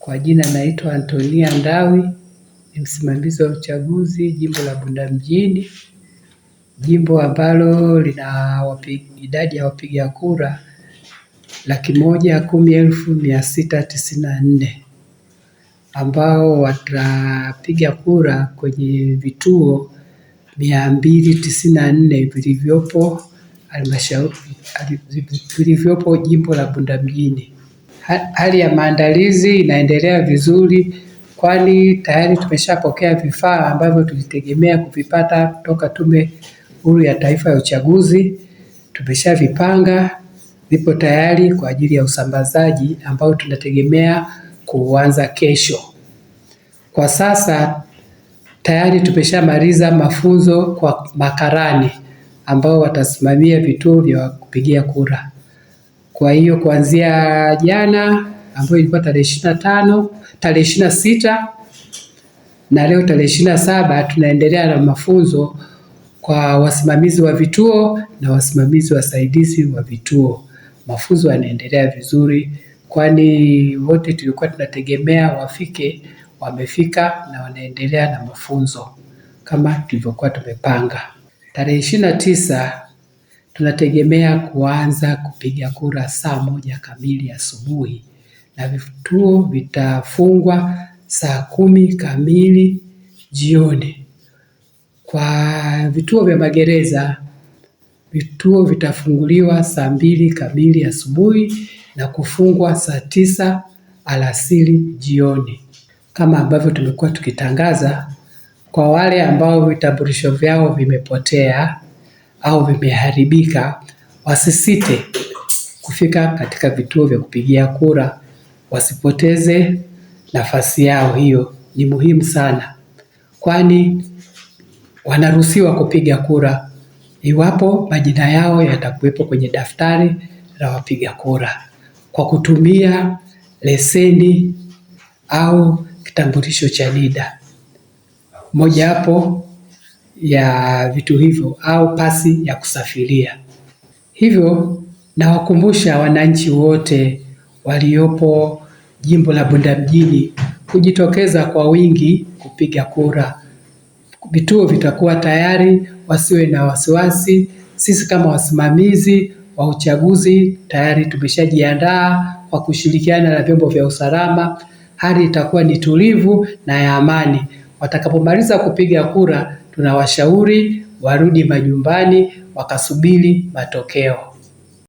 Kwa jina naitwa Antonia Ndawi, ni msimamizi wa uchaguzi jimbo la Bunda mjini, jimbo ambalo lina idadi ya wapiga kura laki moja kumi elfu mia sita tisini na nne ambao watapiga kura kwenye vituo mia mbili tisini na nne vilivyopo halmashauri vilivyopo jimbo la Bunda mjini. Hali ya maandalizi inaendelea vizuri, kwani tayari tumeshapokea vifaa ambavyo tulitegemea kuvipata kutoka Tume Huru ya Taifa ya Uchaguzi. Tumeshavipanga, vipo tayari kwa ajili ya usambazaji ambao tunategemea kuanza kesho. Kwa sasa tayari tumeshamaliza mafunzo kwa makarani ambao watasimamia vituo vya kupigia kura. Kwa hiyo kuanzia jana ambayo ilikuwa tarehe ishirini na tano tarehe ishirini na sita na leo tarehe ishirini na saba tunaendelea na mafunzo kwa wasimamizi wa vituo na wasimamizi wasaidizi wa vituo. Mafunzo yanaendelea vizuri, kwani wote tulikuwa tunategemea wafike, wamefika na wanaendelea na mafunzo kama tulivyokuwa tumepanga. Tarehe ishirini na tisa Tunategemea kuanza kupiga kura saa moja kamili asubuhi na vituo vitafungwa saa kumi kamili jioni. Kwa vituo vya magereza, vituo vitafunguliwa saa mbili kamili asubuhi na kufungwa saa tisa alasiri jioni, kama ambavyo tumekuwa tukitangaza. Kwa wale ambao vitambulisho vyao vimepotea au vimeharibika wasisite kufika katika vituo vya kupigia kura, wasipoteze nafasi yao. Hiyo ni muhimu sana, kwani wanaruhusiwa kupiga kura iwapo majina yao yatakuwepo kwenye daftari la wapiga kura kwa kutumia leseni au kitambulisho cha NIDA. Mojawapo ya vitu hivyo au pasi ya kusafiria. Hivyo nawakumbusha wananchi wote waliopo jimbo la Bunda mjini kujitokeza kwa wingi kupiga kura. Vituo vitakuwa tayari, wasiwe na wasiwasi. Sisi kama wasimamizi wa uchaguzi tayari tumeshajiandaa kwa kushirikiana na vyombo vya usalama. Hali itakuwa ni tulivu na ya amani. Watakapomaliza kupiga kura, tunawashauri warudi majumbani wakasubiri matokeo.